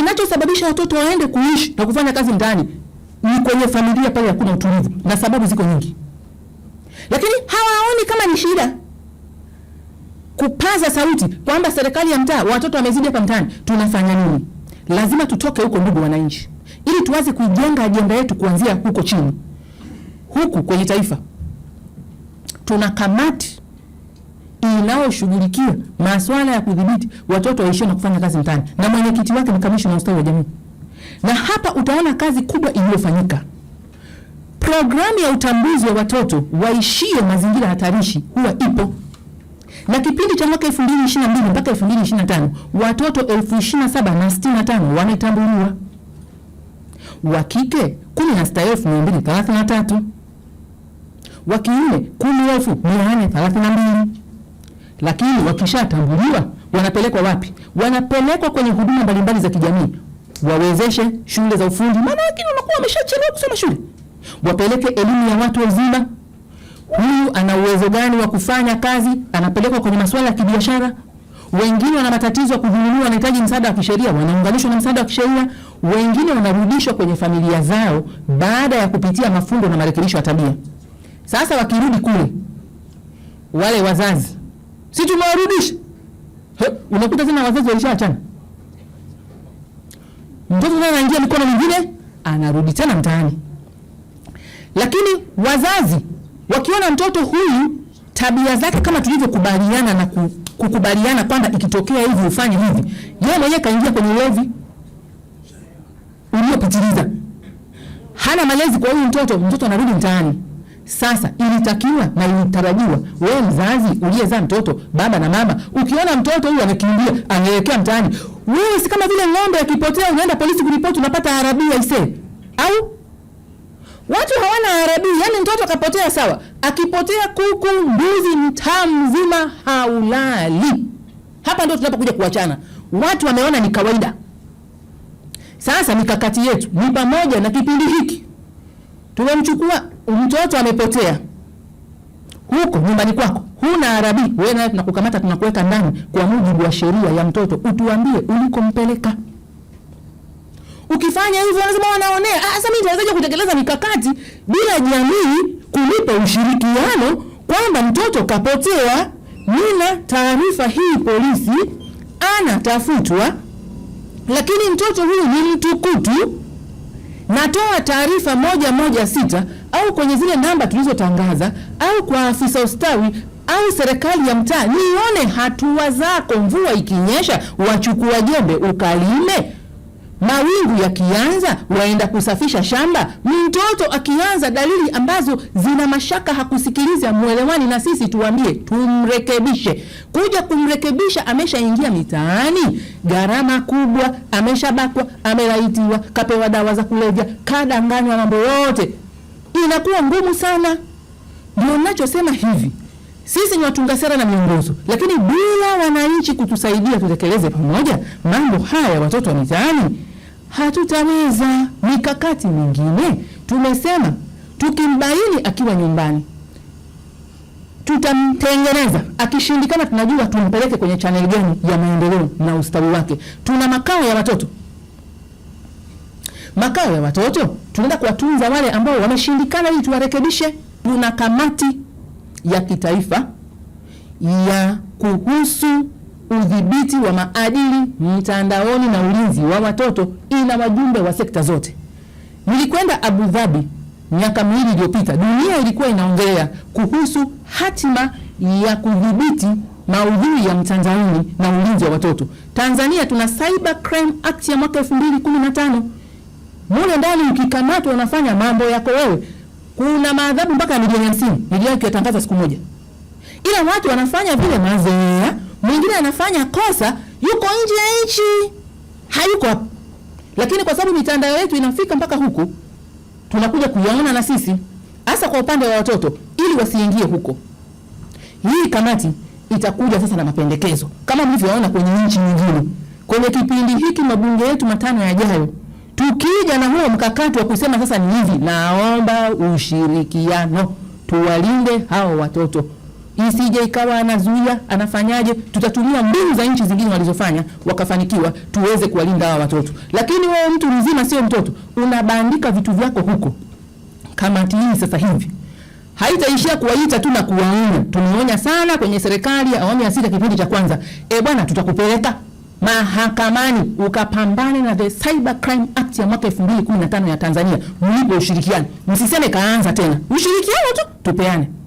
Kinachosababisha watoto waende kuishi na kufanya kazi ndani ni kwenye familia pale hakuna utulivu, na sababu ziko nyingi, lakini hawaoni kama ni shida kupaza sauti kwamba serikali ya mtaa watoto wamezidi hapa mtaani, tunafanya nini? Lazima tutoke huko, ndugu wananchi, ili tuanze kuijenga ajenda yetu kuanzia huko chini. Huku kwenye taifa tuna kamati inayoshughulikia masuala ya kudhibiti watoto waishio na kufanya kazi mtaani, na mwenyekiti wake ni kamishna ustawi wa jamii. Na hapa utaona kazi kubwa iliyofanyika. Programu ya utambuzi wa watoto waishio mazingira hatarishi huwa ipo, na kipindi cha mwaka 2022 mpaka 2025 watoto 27,065 wametambuliwa, wa kike 16,233, wa kiume 10,832 lakini wakishatambuliwa wanapelekwa wapi? Wanapelekwa kwenye huduma mbalimbali za kijamii, wawezeshe shule za ufundi, maana yake wanakuwa wameshachelewa kusoma shule, wapeleke elimu ya watu wazima. Huyu ana uwezo gani wa kufanya kazi? Anapelekwa kwenye masuala ya kibiashara. Wengine wana matatizo ya kudhulumiwa, wanahitaji msaada wa kisheria, wanaunganishwa na msaada wa kisheria. Wengine wanarudishwa kwenye familia zao baada ya kupitia mafundo na marekebisho ya tabia. Sasa wakirudi kule, wale wazazi si tumewarudisha. Unakuta tena wazazi walishaachana, mtoto tena anaingia mikono mingine, anarudi tena mtaani. Lakini wazazi wakiona mtoto huyu tabia zake kama tulivyokubaliana na kukubaliana kwamba ikitokea hivi ufanye hivi, yeye mwenyewe kaingia kwenye ulevi uliopitiliza, hana malezi kwa huyu mtoto, mtoto anarudi mtaani. Sasa ilitakiwa na ilitarajiwa, wewe mzazi uliyezaa mtoto, baba na mama, ukiona mtoto huyu anakimbia anaelekea mtaani, wewe si kama vile ng'ombe akipotea, unaenda polisi kuripoti, unapata arabia ise au watu hawana arabia. Yani mtoto akapotea, sawa, akipotea kuku, mbuzi, mtaa mzima haulali. Hapa ndio tunapokuja kuachana, watu wameona ni kawaida. Sasa mikakati yetu ni pamoja na kipindi hiki tumemchukua mtoto amepotea huko nyumbani kwako, huna arabii, wewe naye tunakukamata tunakuweka ndani kwa mujibu wa sheria ya mtoto, utuambie ulikompeleka. Ukifanya hivyo lazima wanaonea. Ah, sasa mimi nitawezaje kutekeleza mikakati bila jamii kunipa ushirikiano kwamba mtoto kapotea, nina taarifa hii polisi, anatafutwa, lakini mtoto huyu ni mtukutu. Natoa taarifa moja moja sita au kwenye zile namba tulizotangaza au kwa afisa ustawi au serikali ya mtaa, nione hatua zako. Mvua ikinyesha, wachukua jembe ukalime mawingu yakianza waenda kusafisha shamba. Mtoto akianza dalili ambazo zina mashaka, hakusikiliza, mwelewani na sisi, tuambie tumrekebishe. Kuja kumrekebisha ameshaingia mitaani, gharama kubwa, ameshabakwa, amelaitiwa, kapewa dawa za kulevya, kadanganywa mambo yote inakuwa ngumu sana. Ndio ninachosema hivi, sisi ni watunga sera na miongozo, lakini bila wananchi kutusaidia tutekeleze pamoja mambo haya, watoto wa mitaani, hatutaweza. Mikakati mingine tumesema, tukimbaini akiwa nyumbani tutamtengeneza akishindikana, tunajua tumpeleke kwenye chaneli gani ya maendeleo na ustawi wake. Tuna makao ya watoto Makao ya watoto tunaenda kuwatunza wale ambao wameshindikana, ili tuwarekebishe. Tuna kamati ya kitaifa ya kuhusu udhibiti wa maadili mtandaoni na ulinzi wa watoto, ina wajumbe wa sekta zote. Nilikwenda Abu Dhabi miaka miwili iliyopita, dunia ilikuwa inaongelea kuhusu hatima ya kudhibiti maudhui ya mtandaoni na ulinzi wa watoto. Tanzania tuna Cyber Crime Act ya mwaka 2015 mule ndani ukikamatwa unafanya mambo yako wewe. Kuna maadhabu mpaka milioni hamsini milioni kitangaza siku moja, ila watu wanafanya vile mazoea. Mwingine anafanya kosa yuko nje ya nchi, hayuko hapa, lakini kwa sababu mitandao yetu inafika mpaka huku, tunakuja kuyaona na sisi, hasa kwa upande wa watoto, ili wasiingie huko. Hii kamati itakuja sasa na mapendekezo kama mlivyoona kwenye nchi nyingine kwenye kipindi hiki mabunge yetu matano yajayo. Tukija na huo mkakati wa kusema sasa ni hivi, naomba ushirikiano tuwalinde hao watoto, isije ikawa anazuia anafanyaje, tutatumia mbinu za nchi zingine walizofanya wakafanikiwa, tuweze kuwalinda hao watoto. Lakini wewe mtu mzima, sio mtoto, unabandika vitu vyako huko. Kamati hii sasa hivi haitaishia kuwaita tu na kuwaonya. Tumeonya sana kwenye serikali awamu ya sita kipindi cha kwanza, e bwana, tutakupeleka mahakamani ukapambane na the Cyber Crime ya mwaka 2015 ya Tanzania mlipo ushirikiano, msiseme kaanza tena, ushirikiano tu tupeane.